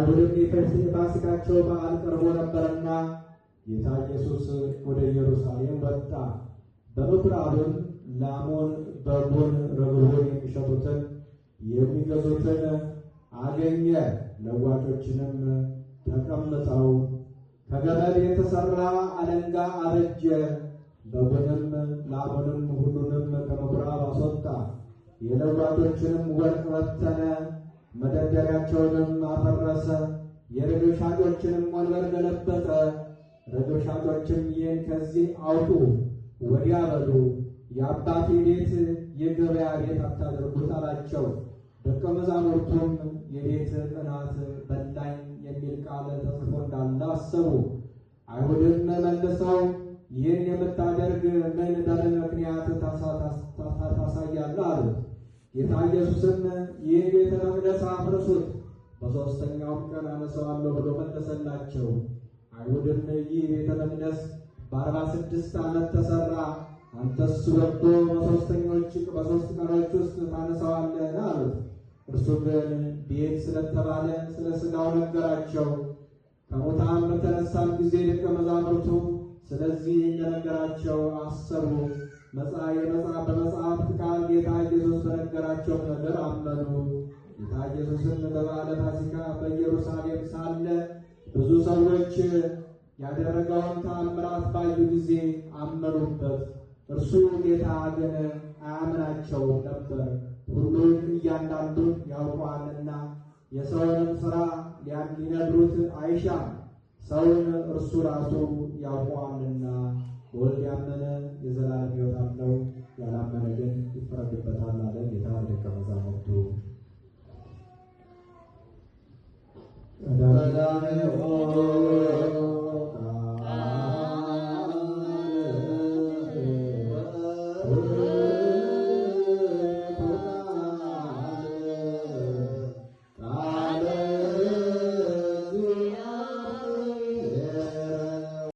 አይሁድም የፋሲካቸው በዓል ቀርቦ ነበርና ጌታ ኢየሱስ ወደ ኢየሩሳሌም ወጣ። በምኩራብም ላሞን በጎን ረግቦ የሚሸጡትን የሚገዙትን አገኘ። ለዋጮችንም ተቀምጠው ከገመድ የተሰራ አለንጋ አበጀ። በጎንም ላሞንም ሁሉንም ከምኩራብ አስወጣ። የለዋጮችንም ወርቅ በተነ። መደርደሪያቸውንም አፈረሰ፣ የርግብ ሻጮችንም ወንበር ገለበጠ። ርግብ ሻጮችም ይህን ከዚህ አውጡ ወዲያ በሉ፣ የአባቴ ቤት የገበያ ቤት አታደርጉት አላቸው። ደቀ መዛሙርቱም የቤት እናት በላኝ የሚል ቃል ተጽፎ እንዳለ አሰቡ። አይሁድም መልሰው ይህን የምታደርግ ምን በምን ምክንያት ጌታ ኢየሱስም ይህ ቤተ መቅደስ አፍርሱት፣ በሦስተኛውም ቀን አነሳዋለሁ ብሎ መለሰላቸው። አይሁድም ይህ ቤተ መቅደስ በአርባ ስድስት ዓመት ተሠራ፣ አንተስ ወዶ በሦስተኞች በሦስት ቀኖች ውስጥ ታነሳዋለህ አሉት። እርሱ ግን ቤት ስለተባለ ስለ ሥጋው ነገራቸው። ከሙታን በተነሳም ጊዜ ደቀ መዛሙርቱ ስለዚህ እንደነገራቸው አሰሩ። በመጽሐፍት ቃል ጌታ ኢየሱስ በነገራቸው ነገር አመኑ። ጌታ ኢየሱስም በበዓለ ፋሲካ በኢየሩሳሌም ሳለ ብዙ ሰዎች ያደረገውን ተአምራት ባዩ ጊዜ አመኑበት። እርሱ ጌታ ግን አያምናቸውም ነበር፣ ሁሉም እያንዳንዱን ያውቀዋልና የሰውንም ሥራ ሊነግሩት አይሻም፣ ሰውን እርሱ ራሱ ያውቀዋልና በወልድ ያመነ የዘላለም my Lord.